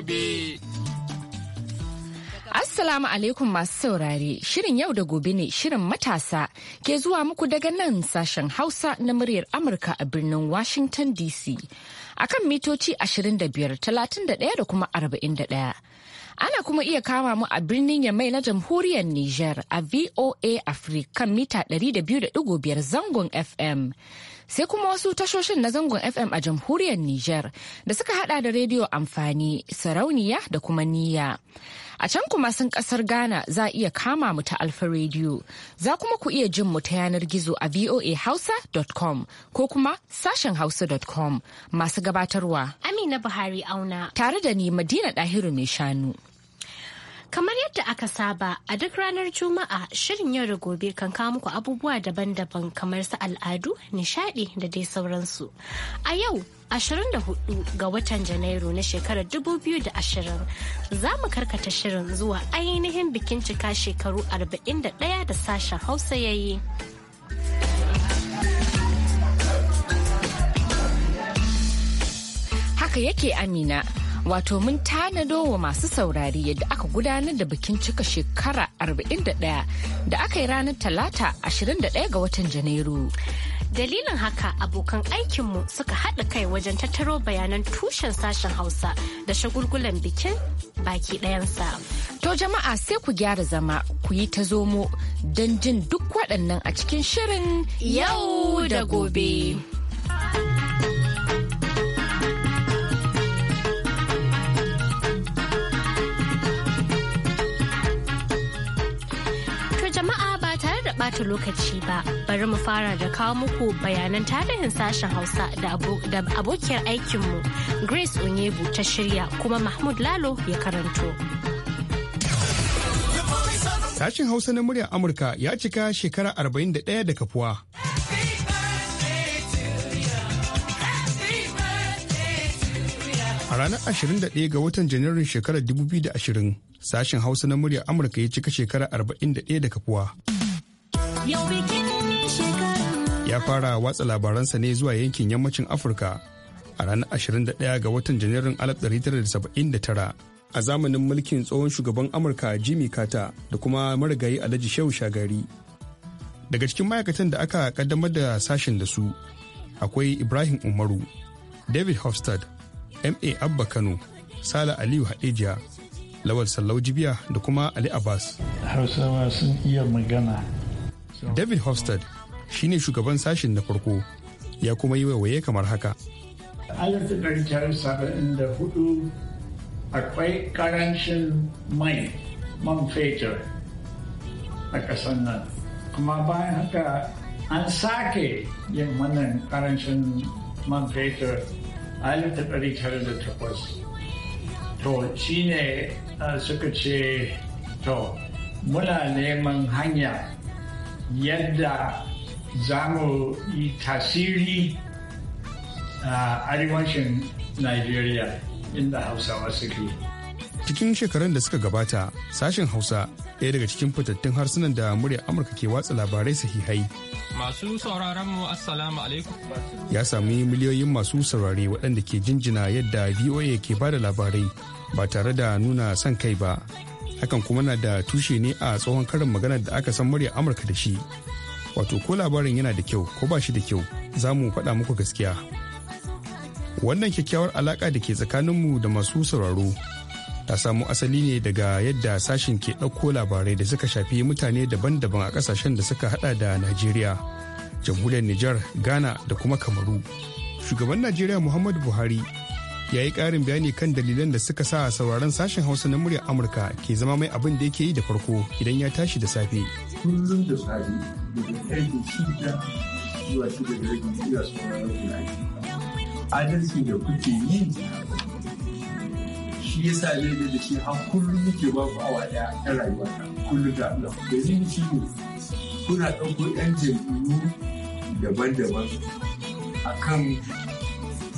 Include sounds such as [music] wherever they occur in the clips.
gobe. Assalamu alaikum masu saurare, shirin yau da gobe ne shirin matasa ke zuwa muku daga nan sashen Hausa na muryar Amurka a birnin Washington DC akan mitoci 25, 31 da kuma 41. ana kuma iya kama mu a birnin yamai na jamhuriyar Nijar a VOA Africa kan mita 200.5 zangon FM sai kuma wasu tashoshin na zangon FM a jamhuriyar Nijar da suka hada da rediyo amfani, sarauniya da kuma niyya. A can kuma sun kasar Ghana za iya kama mu ta Alfa rediyo za kuma ku iya jin mu ta yanar gizo a voahausa.com ko kuma sashen hausa.com masu gabatarwa. Amina Buhari auna. Tare da ni Madina Dahiru mai shanu. yadda aka saba a duk ranar Juma'a shirin yau da gobe kan kawo muku abubuwa daban-daban kamar su al'adu, nishadi da dai sauransu. A yau 24 ga watan Janairu na shekarar 2020 za mu karkata shirin zuwa ainihin bikin cika shekaru 41 da sashen Hausa ya yi. Haka yake Amina. wato mun tanado wa masu saurari yadda aka gudanar da bikin cika shekara 41 da aka yi ranar talata 21 ga watan janairu dalilin haka abokan aikinmu suka haɗa kai wajen tattaro bayanan tushen sashen hausa da shagulgulan bikin baki ɗayansa to jama'a sai ku gyara zama ku yi ta zomo don jin duk waɗannan a cikin shirin yau da gobe. jama'a ba tare da ɓata lokaci ba bari mu fara da kawo muku bayanan tarihin sashen hausa da abokiyar aikinmu grace onyebu ta shirya kuma mahmud lalo ya karanto sashen hausa na muryar amurka ya cika shekara 41 da kafuwa ranar 21 ga watan janairun shekarar 2020 sashen hausa na murya amurka ya cika shekara 41 da kafuwa ya fara watsa labaransa ne zuwa yankin yammacin afirka a ranar 21 ga watan janairun 1979 a zamanin mulkin tsohon shugaban amurka jimmy carter da kuma marigayi alhaji shehu shagari daga cikin ma'aikatan da aka kaddamar da sashen da su akwai ibrahim umaru david hofstad ma abba kano sala aliyu hadejiya lawal sallau jibiya da kuma ali abbas hausawa sun iya magana david hofstad shine shugaban sashen na farko ya kuma yi waiwaye kamar haka hudu akwai karancin mai man fetur a ƙasar nan kuma bayan haka an sake yin wannan karancin man fetur da takwas to shi ne suka ce to muna neman hanya yadda za mu yi tasiri a arewacin nigeria inda hausawa suke cikin shekarun da suka gabata sashen hausa ɗaya daga cikin fitattun harsunan da muryar amurka ke watsa labarai sahihai masu sauraron mu assalamu alaikum ya sami miliyoyin masu saurare waɗanda ke jinjina yadda voa ke bada labarai ba tare da nuna son kai ba hakan kuma na da tushe ne a tsohon karin magana da aka san murya amurka da shi wato ko labarin yana da kyau ko ba shi da kyau za mu faɗa muku gaskiya wannan kyakkyawar alaƙa da ke tsakaninmu da masu sauraro ta samo asali ne daga yadda sashen ke ɗauko labarai da suka shafi mutane daban-daban a ƙasashen da suka hada da najeriya jamhuriyar nijar ghana da kuma kamaru shugaban najeriya muhammadu buhari ya yi ƙarin bayani kan dalilan da suka sa sauraron sashen hausa na muryar amurka ke zama mai abin da yake yi da farko idan ya tashi da safe adalci da kuke yi shi ya sa ne da shi har kullum muke ba ku awa ɗaya ta rayuwa ta kullum da Allah da yin shi ne kuna ɗauko ƴan jam'iyyu daban-daban a kan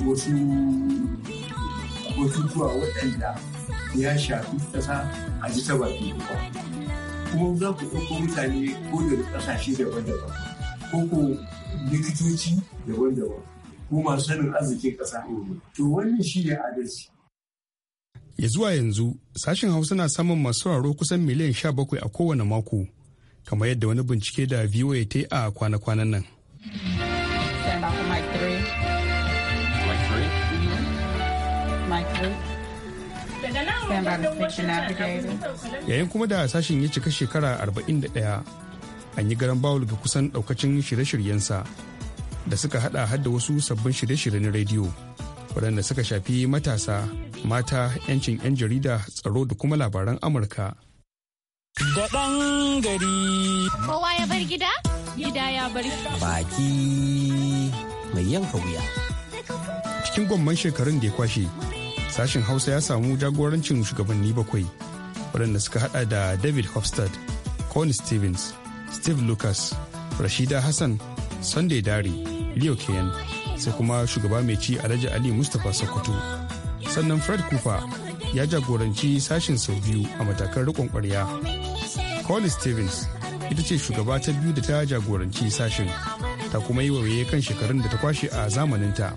wasu wasu zuwa waɗanda ya shafi ƙasa a ji ta baki kuma za ku ɗauko mutane ko daga ƙasashe daban-daban ko ko likitoci daban-daban ko masu sanin arzikin ƙasa to wannan shi ne adalci ya zuwa yanzu sashen hausa na samun masu sauraro kusan miliyan 17 a kowane mako kamar yadda wani bincike da voa ta a kwana-kwanan nan yayin kuma da sashen ya cika shekara 41 an yi garan bawul ga kusan daukacin shirye-shiryensa da suka hada hada wasu sabbin shirye-shiryen rediyo waɗanda suka shafi matasa mata 'yancin 'yan jarida tsaro da kuma labaran amurka da ɗan gari kowa ya bar gida gida ya bar baki mai yanka wuya cikin gwamman shekarun da ya kwashe sashen hausa ya samu jagorancin shugabanni bakwai waɗanda suka hada da david hofstad connie stevens steve lucas rashida hassan sunday dare leo Kayan, sai kuma shugaba mai ci alhaji ali mustapha sokoto sannan fred kufa ya jagoranci sashen sau biyu a matakan rikon kwarya colin stevens ita ce shugaba ta biyu da ta jagoranci sashen ta kuma yi waye kan shekarun da ta kwashe a zamaninta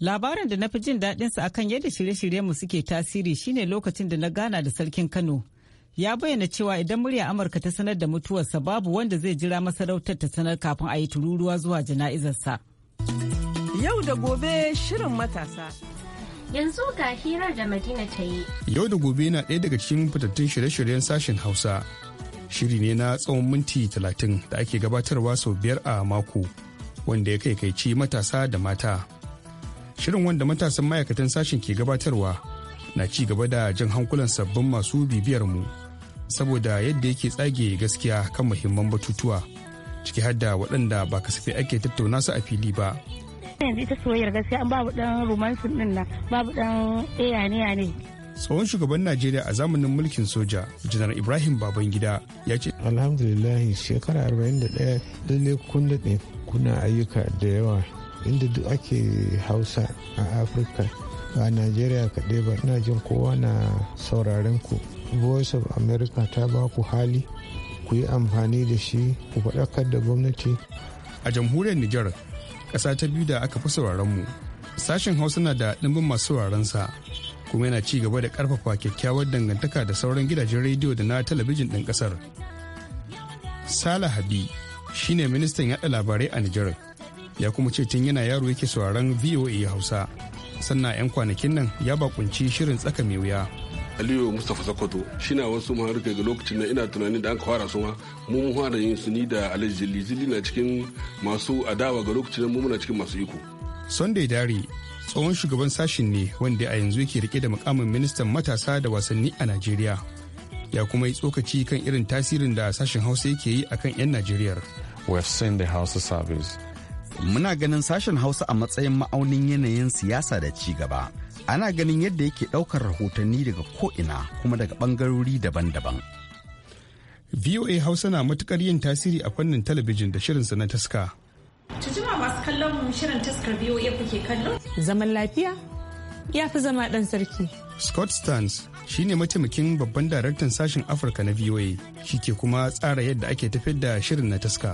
labarin da na fi jin daɗinsa akan yadda shirye-shirye mu suke tasiri shine lokacin da na gana da sarkin kano ya bayyana cewa idan murya amurka ta sanar da mutuwarsa babu wanda zai jira masarautar ta sanar kafin a yi tururuwa zuwa jana'izarsa yau da gobe shirin matasa yanzu ga hirar da madina ta yi yau da gobe na ɗaya daga cikin fitattun shirye-shiryen sashen hausa shiri ne na tsawon minti talatin da ake gabatarwa sau biyar a mako wanda ya kai ci matasa da mata shirin wanda matasan ma'aikatan sashen ke gabatarwa na ci gaba da jan hankulan sabbin masu bibiyar mu saboda yadda yake tsage gaskiya kan muhimman batutuwa ciki har waɗanda ba kasafai ake tattauna su a fili ba yanzu ita soyayyar gaskiya an babu dan romance din nan babu dan eya ne tsohon shugaban najeriya a zamanin mulkin soja janar ibrahim babangida ya ce alhamdulillah shekara arba'in 41 lalle kun daɗe kuna ayyuka da yawa inda duk ake hausa a afirka a najeriya kaɗai ba ina jin kowa na sauraren ku voice of america ta ba ku hali ku yi amfani da shi ku faɗakar da gwamnati a jamhuriyar nijar ƙasa ta biyu da aka fi sauraron mu sashen hausa na da ɗimbin masu sauraron sa kuma yana ci gaba da ƙarfafa kyakkyawar dangantaka da sauran gidajen rediyo da na talabijin ɗin ƙasar sala habi shine ministan yaɗa labarai a nijar ya kuma ce tun yana yaro yake sauraron voa hausa sannan 'yan kwanakin nan ya bakunci shirin tsaka mai wuya aliyu mustapha sokoto shi na wasu ma ga lokacin na ina tunanin da an fara su ma mu mun fara yin su ni da alhaji zili na cikin masu adawa ga lokacin mu muna cikin masu iko sunday dari tsohon shugaban sashin ne wanda a yanzu yake rike da mukamin ministan matasa da wasanni a najeriya ya kuma yi tsokaci kan irin tasirin da sashen hausa yake yi akan 'yan najeriyar we have seen the hausa service muna ganin sashen hausa a matsayin ma'aunin yanayin siyasa da ci gaba ana ganin yadda yake ɗaukar rahotanni daga ko'ina kuma daga bangarori daban-daban. VOA Hausa na matukar yin tasiri a fannin talabijin da shirinsa na taska. Tujuma masu kallon mu shirin taskar VOA kuke kallo? Zaman lafiya ya fi zama ɗan sarki. Scott Stans shi ne mataimakin babban daraktan sashen Afirka na VOA shi ke kuma tsara yadda ake tafiyar da shirin na taska.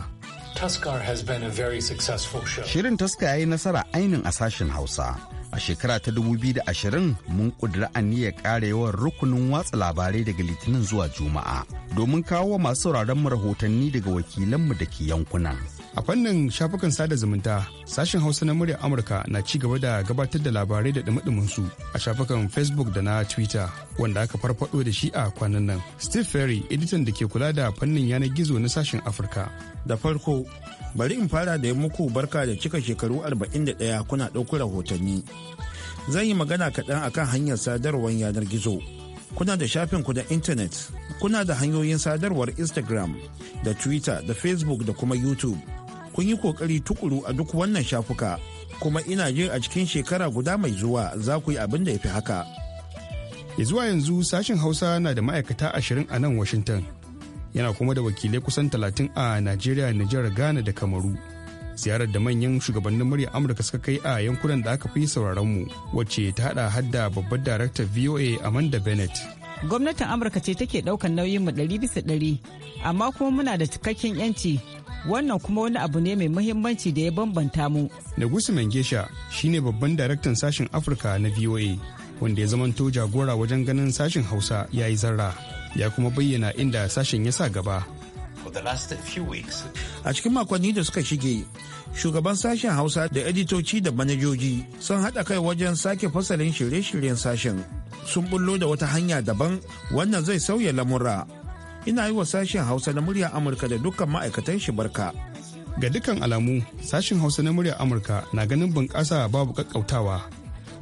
has been very successful Shirin taska ya yi nasara ainin a sashen Hausa. a shekara ta 2020 mun kudura aniyar ƙara yawan rukunin watsa labarai daga litinin zuwa juma'a domin kawo wa masu mu rahotanni daga wakilanmu da ke yankunan. a fannin shafukan sada zumunta sashen hausa na muryar amurka na ci gaba da gabatar da labarai da dumudumin su a shafukan facebook da na twitter wanda aka farfado da shi a kwanan nan steve ferry editan da ke kula da fannin yanar gizo na sashen afirka da farko bari in fara da yi muku barka da cika shekaru 41 kuna ɗauko rahotanni zan yi magana kaɗan akan hanyar sadarwar yanar gizo kuna da shafin ku da intanet kuna da hanyoyin sadarwar instagram da twitter da facebook da kuma youtube kun yi kokari tukuru a duk wannan shafuka kuma ina jin a cikin shekara guda mai zuwa za ku yi abin da ya fi haka zuwa yanzu sashen hausa na da ma'aikata ashirin a nan washington yana kuma da wakilai kusan talatin a najeriya nijar ghana da kamaru ziyarar da manyan shugabannin murya amurka suka kai a yankunan da aka fi sauraron mu wacce ta hada hadda babbar daraktar voa amanda bennett gwamnatin amurka ce take daukan nauyin mu ɗari bisa ɗari amma kuma muna da cikakken yanci wannan kuma wani abu ne mai muhimmanci da ya bambanta mu nagusu mengesha shine babban daraktan sashen afirka na voa wanda ya zamanto jagora wajen ganin sashen hausa ya yi zarra ya kuma bayyana inda sashen ya sa gaba a cikin makonni da suka shige shugaban sashen hausa da editoci da manajoji sun haɗa kai wajen sake fasalin shirye-shiryen sashen sun bullo da wata hanya daban wannan zai sauya lamura ina yi wa sashen hausa na murya amurka da dukkan ma'aikatan shi barka ga dukkan alamu sashen hausa na murya amurka na ganin bunƙasa babu kakkautawa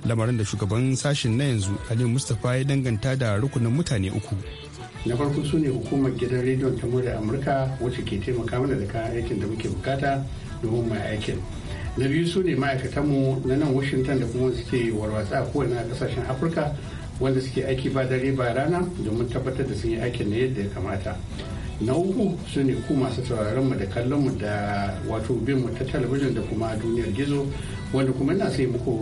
lamarin da shugaban sashen na yanzu ali mustapha ya danganta da rukunin mutane uku na farko su ne hukumar gidan rediyon ta murya amurka wacce ke taimaka mana da kayan aikin da muke bukata domin mai aikin na biyu su ne ma'aikatanmu na nan washington da kuma suke warwatsa a kowane kasashen afirka wanda suke aiki ba dare ba rana domin tabbatar da sun yi aikin na yadda ya kamata na uku su ne ku masu sauraron mu da kallon mu da wato bin mu ta talabijin da kuma duniyar gizo wanda kuma ina sai muku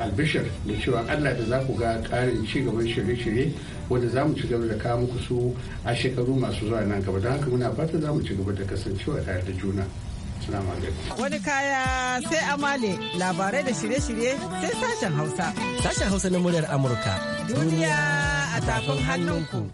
albishir da cewa allah da za ku ga karin ci gaban shirye-shirye wanda za mu ci gaba da kawo muku su a shekaru masu zuwa nan gaba don haka muna fata za mu ci gaba da kasancewa tare da juna Wani kaya sai amale labarai da shirye-shirye sai sashen Hausa. Sashen Hausa na muryar Amurka. Duniya a tafin hannunku.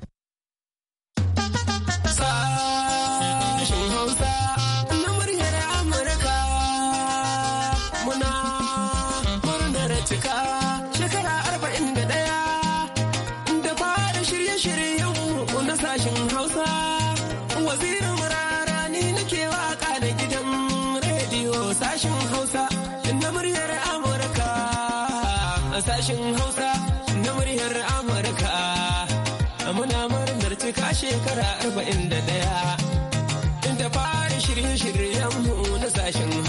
shekara arba'in da ɗaya inda fara shirye-shiryenmu na sashen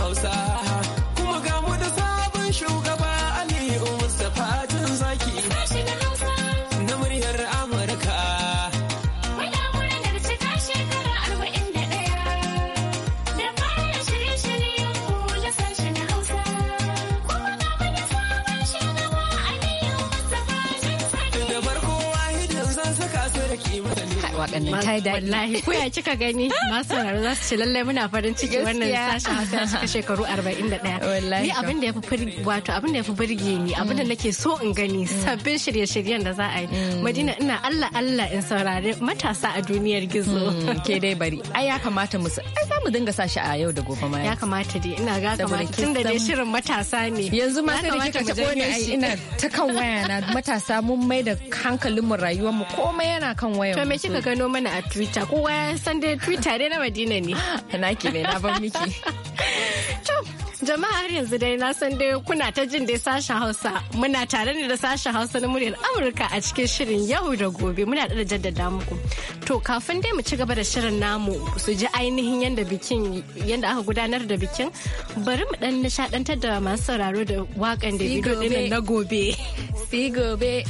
waƙan ta yi daɗi. Wallahi ko ya kika gani [laughs] masu sauraro za su ce lallai muna farin ciki wannan sashen hausa suka shekaru 41. [laughs] Wallahi. Ni abin da ya fi wato abin da ya fi birge ni abin da mm. nake so in gani mm. sabbin shirye-shiryen da za a yi. Mm. Madina ina Allah Allah in saurari matasa a duniyar gizo. Ke dai bari. Ai ya kamata mu ai za mu dinga sa a yau da gobe ma. Ya kamata dai ina ga kamata tun da dai shirin matasa ne. Yanzu ma sai kika ta kone ai ina ta kan waya na matasa mun mai da hankalin mu rayuwar mu komai yana kan wayar. To me kika gano gano mana a Twitter. Kowa ya san dai Twitter dai na Madina ne. [laughs] Naki ne na ban miki. [laughs] har yanzu dai na san dai kuna ta jin dai sashen Hausa. Muna tare ne da sashen Hausa na muryar Amurka a cikin shirin yau da gobe muna da jaddada muku. To kafin dai mu ci gaba da shirin namu su ji ainihin yadda bikin yadda aka gudanar da bikin bari mu dan nishadantar da masu sauraro da wakan da bidiyo na gobe. Si gobe.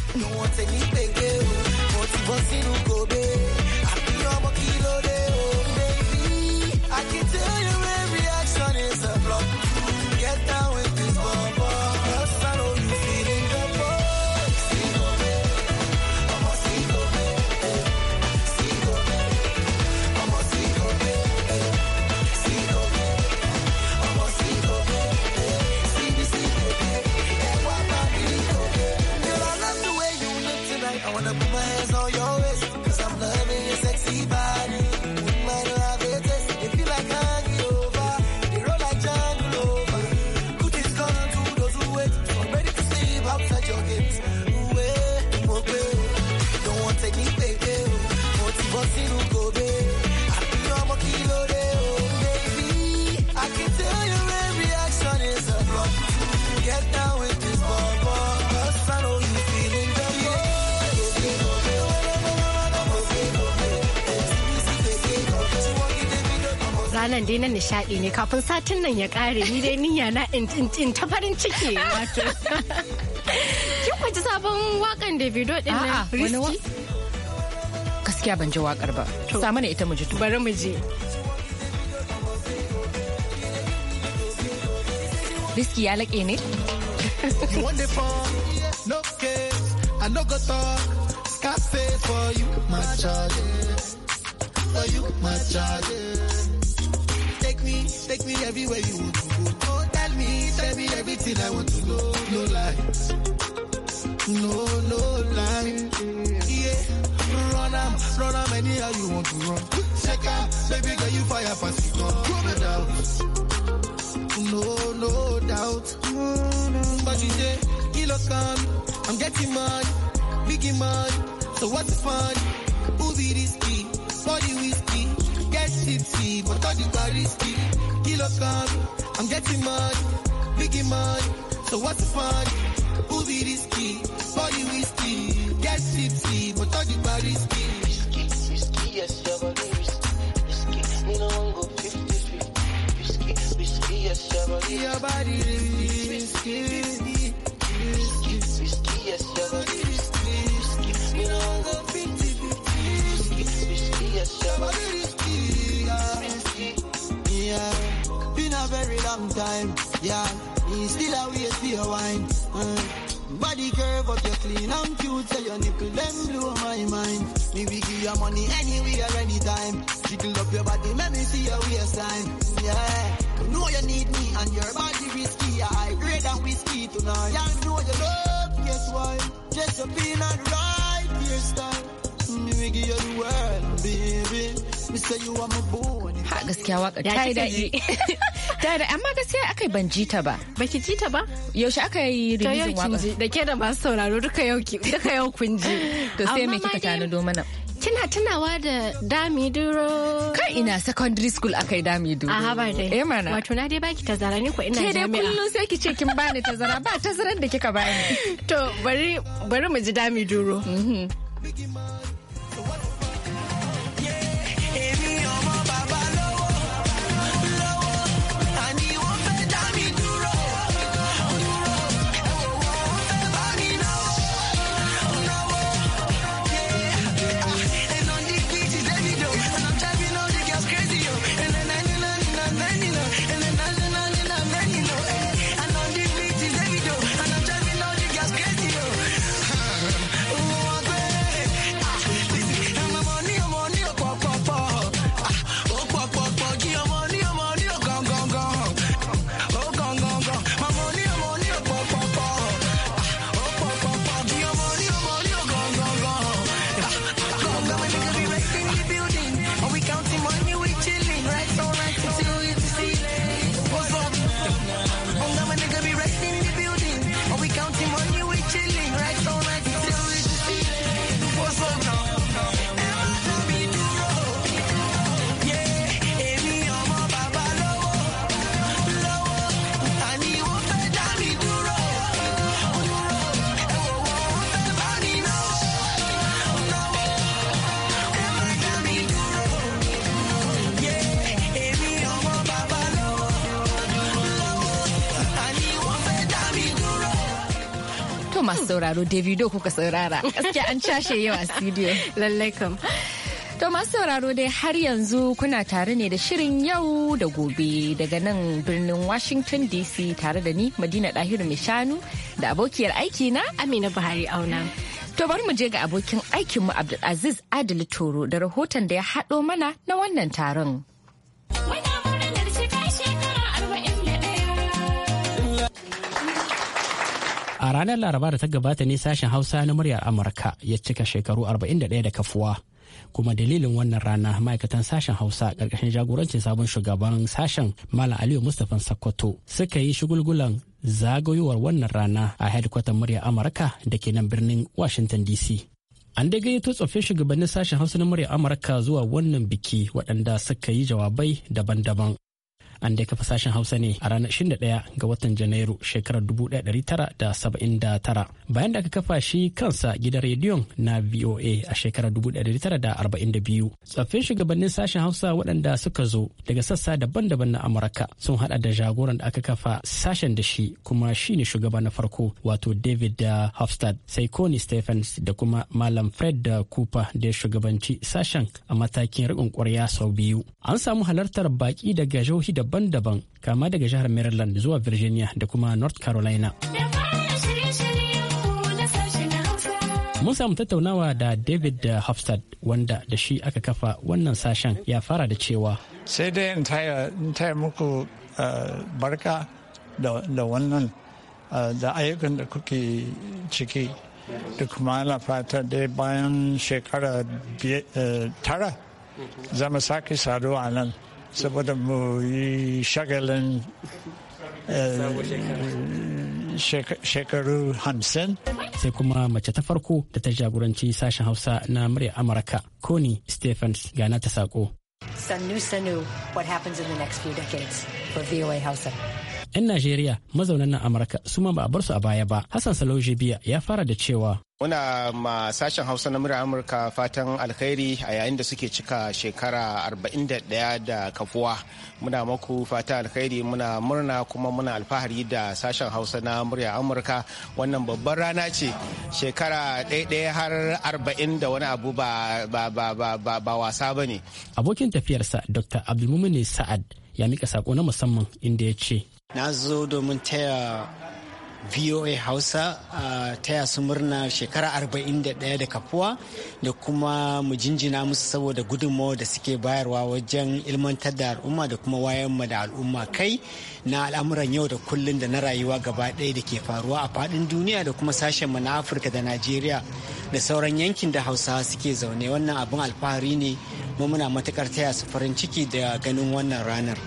nan dai na nishadi ne kafin satin nan ya kare ni dai niyya na in ta farin ciki wato [laughs] kin kwaci sabon wakan davido din nan risky gaskiya ban ji wakar ba sa mana ita muji ji bari mu ji risky ya laƙe ne no case i no go talk scarface for you my charge for you my charge Take me everywhere you want to go. Don't tell me, tell me everything I want to know. No lies. No, no lies. Yeah. Run am, run am anyhow you want to run. Check out, baby girl, you fire fast, you gone. No doubt. No, no doubt. But you say, kilo can, I'm getting money, biggie money. So what's the fun? Who be this key? Body quality, but all the risky. Kilo come, I'm getting money, biggie money. So what's the fun? Who be risky? Body whiskey, get tipsy, but all the risky. Risky, risky, yes, you're your body risky. Risky, me no one go 50-50. Risky, risky, yes, your body. Your body risky, risky, risky, risky, yes, your body risky. Me no one go 50-50. Risky, risky, yes, your body. very long time. Yeah, me still a wait for your wine. Mm. Body curve up, you're clean and cute. Tell your nickel them blow my mind. Me we give your money anywhere, anytime. Jiggle up your body, let me see your waistline. Yeah, you know you need me and your body risky. I grade that whiskey tonight. you know you love, guess why? Just your pin and right hairstyle. Me mm, we give you the world, baby. Me say you are my boy. gaskiya waka [laughs] ta yi daɗi ta da amma gaskiya yi ban ji ta ba ki ji ta ba yaushe aka yi release waka da ke da masu sauraro duka yau duka yau kun ji [laughs] to sai me kika tanado mana kina tunawa da dami duro kai ina secondary school aka yi dami duro a haɓar dai eh mana wato na dai baki tazara ni ko ina jami'a ke dai kullum sai ki ce kin bani tazara ba tazaran da kika bani [laughs] to bari bari mu ji dami duro mm-hmm. sauraro davido kuka saurara gaskiya an cashe yau a studio lallai To masu sauraro dai har yanzu kuna tare ne da shirin yau da gobe daga nan birnin Washington DC tare da ni Madina Dahiru mai da abokiyar aiki na Amina Buhari auna. To bari mu je ga abokin aikinmu Abdulaziz Adil Toro da rahoton da ya haɗo mana na wannan taron. A ranar Laraba da ta gabata ne sashen Hausa na muryar Amurka ya cika shekaru 41 da kafuwa. Kuma dalilin wannan rana ma'aikatan sashen Hausa ƙarƙashin jagorancin sabon shugaban sashen Malam Aliyu Mustapha Sakkwato suka yi shugulgulan zagayowar wannan rana a hedkwatar muryar Amurka da ke nan birnin Washington DC. An dai gayyato tsoffin shugabannin sashen Hausa na murya Amurka zuwa wannan biki waɗanda suka yi jawabai daban-daban an dai kafa sashen hausa ne a ranar 21 ga watan janairu shekarar 1979 bayan da aka kafa shi kansa gidan rediyon na voa a shekarar 1942 tsoffin shugabannin sashen hausa waɗanda suka zo daga sassa daban-daban na amurka sun hada da jagoran da aka kafa sashen da shi kuma shi ne shugaba na farko wato david da uh, hofstad sai connie stephens da kuma malam fred da uh, cooper da shugabanci sashen a matakin riƙon ƙwarya sau biyu an samu halartar baƙi daga jihohi da daban-daban kama daga jihar Maryland zuwa Virginia da kuma North Carolina. Mun samu tattaunawa da David Hofstad wanda da shi aka kafa wannan sashen ya fara da cewa. Sai dai in taya muku eh, barka da wannan eh, da ayyukan da kuke ciki da kuma ana fata dai bayan shekara eh, tara zama sake saduwa nan. saboda mu yi shagalin e, shekaru hamsin. Sai kuma mace ta farko da ta jagoranci sashen Hausa na murya Amurka, Connie Stephens gana ta sako. Sannu sannu what happens in the next few decades for VOA Hausa. 'Yan Najeriya mazaunan na Amurka su ma ba a bar su a baya ba. Hassan salo biya ya fara da cewa Muna ma sashen Hausa na murya Amurka fatan alkhairi a yayin da suke cika shekara 41 da kafuwa. Muna maku fatan alkhairi muna murna kuma muna alfahari da sashen Hausa na murya Amurka. Wannan babban rana ce shekara ɗaya har 40 da wani abu ba, ba, wasa ba ne. Abokin tafiyarsa Dr. Abdulmumin Sa'ad ya mika sako na musamman inda ya ce. Na zo domin taya voa hausa uh, taya su murna shekara arba'in da da kafuwa da kuma mu jinjina musu saboda gudunmawa da suke bayarwa wajen ilmantar da al'umma da kuma wayanmu da al'umma kai na al'amuran yau da kullun da na rayuwa gaba ɗaya da ke faruwa a faɗin duniya da kuma sashen sashenmu na afirka da najeriya da sauran yankin da hausa suke zaune wannan abin alfahari ne mu muna matukar taya su farin ciki da ganin wannan ranar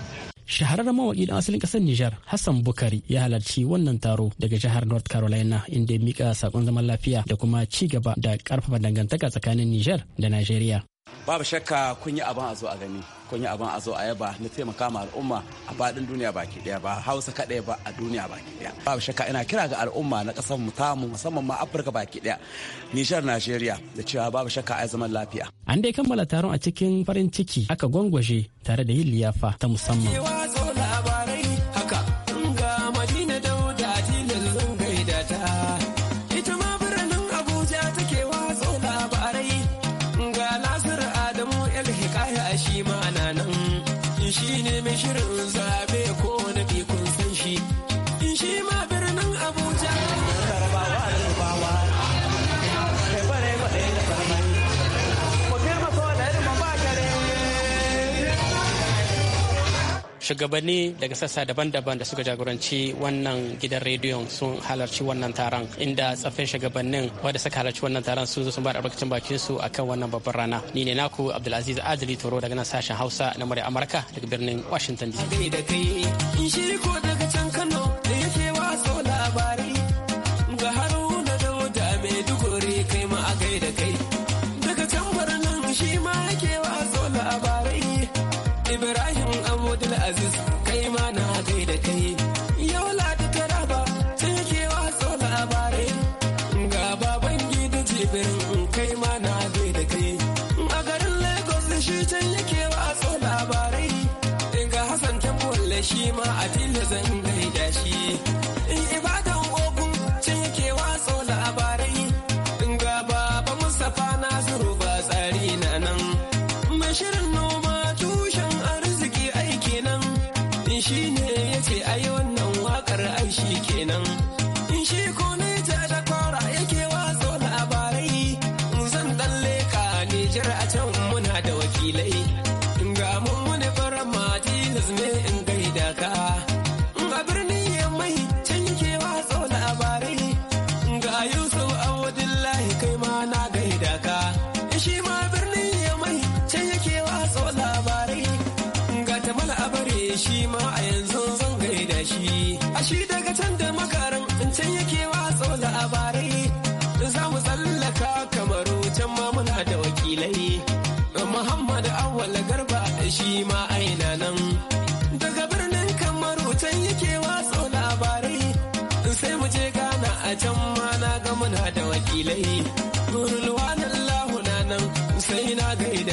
shahararren mawaki dan asalin kasar Nijar Hassan Bukari ya halarci wannan taro daga jihar North Carolina inda ya mika sakon zaman lafiya da kuma ci gaba da ƙarfafa dangantaka tsakanin Nijar da Najeriya. Babu shakka kun yi abin a zo a gani, kun yi abin a zo a yaba na taimaka ma al'umma a faɗin duniya baki ɗaya ba Hausa kaɗai ba a duniya baki ɗaya. Babu shakka ina kira ga al'umma na ƙasar mu tamu musamman ma Afirka baki ɗaya, Nijar Najeriya da cewa babu shakka a zaman lafiya. An dai kammala taron a cikin farin ciki aka gwangwaje tare da yin liyafa ta musamman. shugabanni daga sassa daban-daban da suka jagoranci wannan gidan rediyon sun halarci wannan taron inda tsaffin shugabannin wanda suka halarci wannan taron sun zo sun ba da albarkacin bakin su akan wannan babban rana ni ne naku abdulaziz adili toro daga nan sashen hausa na murya amurka daga birnin washington dc shi ne ya ce ai wannan wakar ai kenan in shi ko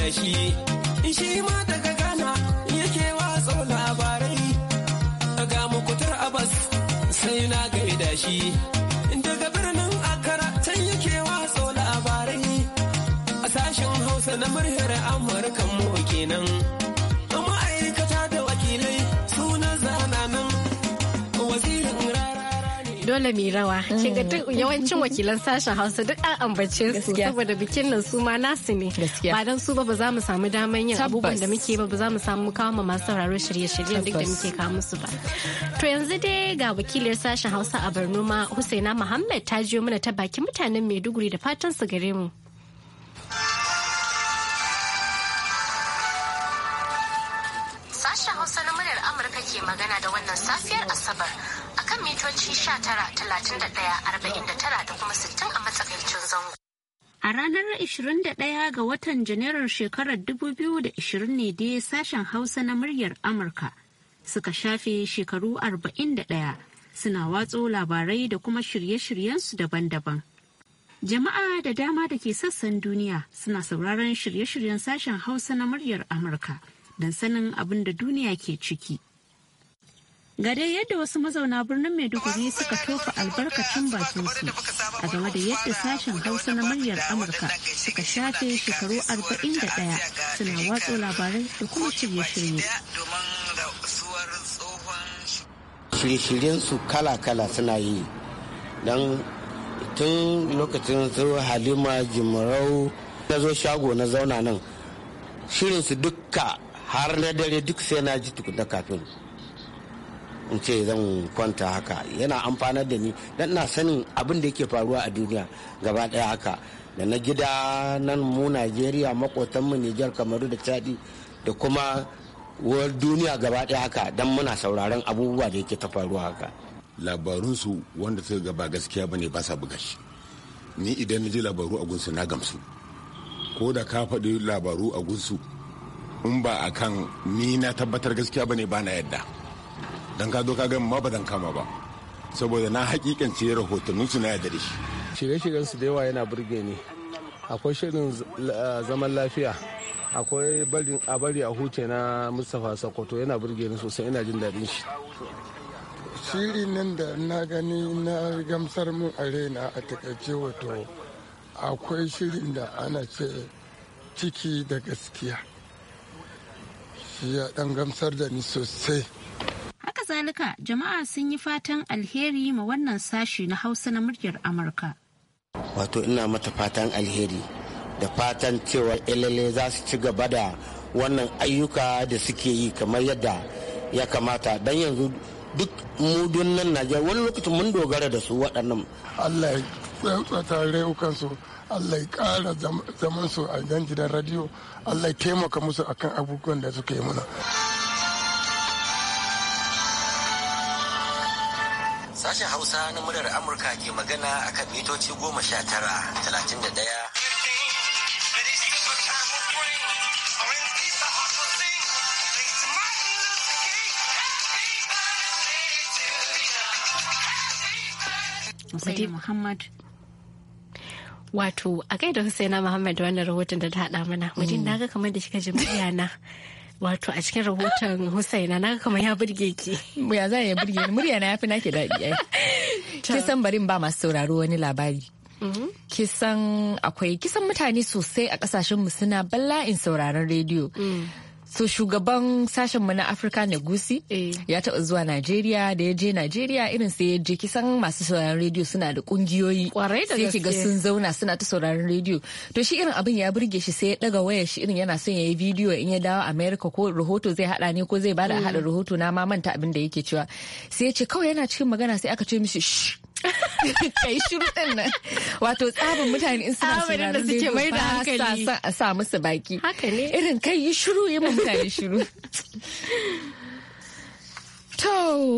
da shi shi ma daga Ghana yake watsa labarai ga mukutar Abbas sai na gaida shi daga birnin Akara can yake watsa labarai a sashen Hausa na muryar Amurkan mu kenan. dole mu rawa mm. kin ga duk yawancin wakilan sashen Hausa duk an ambace su saboda bikin nan su ma nasu ne ba dan su ba ba za mu samu daman yin abubuwan da muke ba ba za mu samu kawo masu sauraro shirye-shiryen duk da muke kawo musu ba to yanzu dai ga wakilar sashen Hausa a Borno ma Husaina Muhammad ta jiyo mana ta bakin mutanen Maiduguri da fatan su gare mu Sashen Hausa na muryar Amurka ke magana da wannan safiyar Asabar akan mitoci 19,31,49 da kuma 60 a matsakaicin zango. A ranar 21 ga watan Janairun shekarar 2020 ne dai sashen Hausa na muryar Amurka suka shafe shekaru 41 suna watso labarai da kuma shirye-shiryensu daban-daban. Jama'a da dama da ke sassan duniya suna sauraron shirye-shiryen sashen Hausa na muryar Amurka don sanin abin da duniya ke ciki. Gare yadda wasu mazauna birnin maiduguri suka tofa albarkacin bakin a game da yadda sashen hausa na muryar amurka suka shafe shekaru 41 suna watsa labarai da kuma shirye-shirye shirye-shiryen su kala-kala suna yi don tun lokacin su halima jimarau na zo shago na zauna nan shirinsu duka har na dare duk sai na ji tukunta kafin in ce zan kwanta haka yana amfanar da ni dan na sanin abin da yake faruwa a duniya gaba daya haka da na gida nan mu najeriya makotanmu Niger kamaru da chadi da kuma duniya gaba daya haka don muna sauraron abubuwa da yake ta faruwa haka labarun su wanda suka gaba gaskiya ba ne ba sa buga shi ni idan na ji labaru a gunsu na gamsu ko da ka faɗi labaru a gunsu in ba a kan ni na tabbatar gaskiya ba ne ba na yadda dan ka zo ka ga ma ba dan kama ba saboda na hakikance rahotannin su na yadda da shi shirye-shiryen su da yawa yana burge ni akwai shirin zaman lafiya akwai a bari a huce na mustapha sokoto yana burge ni sosai ina jin daɗin shi shiri nan da na gani na gamsar mun a raina a takaice wato akwai shirin da ana ce ciki da gaskiya shi ya ɗan gamsar da ni sosai zalika jama'a sun yi fatan alheri ma wannan sashi na hausa na muryar amurka wato ina mata fatan alheri da fatan cewa ilale eh, za su ci gaba da wannan ayyuka da suke yi kamar yadda ya kamata don yanzu duk mudun nan najeriya wani lokacin mun dogara da su waɗannan allah ya tsata rayukansu allah ya ƙara zaman su a gidan radiyo allah ya taimaka musu akan abubuwan da suka yi mana Sashen Hausa na murar Amurka ke magana a kan mitoci goma sha tara, talatin da daya Muhammad. Wato, a gaida Husaina Muhammad wannan rahoton da ta haɗa mana, mutum na ga kamar da shi ka ji na. wato a cikin rahoton Husaina na kama ya burge ki. Ya za ya burge ni murya na yafi nake daɗi ai. [laughs] Kisan barin ba masu sauraro wani labari. Mm-hmm. Kisan akwai kisan mutane sosai a kasashen mu suna in sauraron rediyo. Mm. So shugaban sashen mu na Afirka na Gusi eh. ya taɓa zuwa Najeriya da ya je Najeriya irin sai ya je kisan masu sauraron rediyo suna da kungiyoyi. Kwarai da gaske. ga sun zauna suna ta sauraron rediyo. To shi irin abin ya burge shi sai ya ɗaga wayar shi irin yana son ya yi bidiyo in ya dawo Amerika ko rahoto zai haɗa ne ko zai bada mm. haɗa rahoto na ma manta abin da yake cewa. Sai ya ce kawai yana cikin magana sai aka ce mishi shh [laughs] kai shiru din nan wato tsabin mutane in suna sauraron da suke mai da hankali a sa musu baki haka ne irin kai yi shiru yi mutane shiru [laughs] To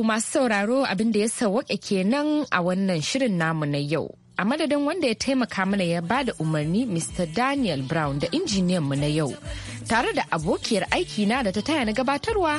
masu sauraro abin da ya sawwake kenan a wannan shirin namu na yau. A madadin wanda ya taimaka mana ya ba da umarni Mr. Daniel Brown da injiniyan mu na yau, tare da abokiyar aiki na da ta taya na gabatarwa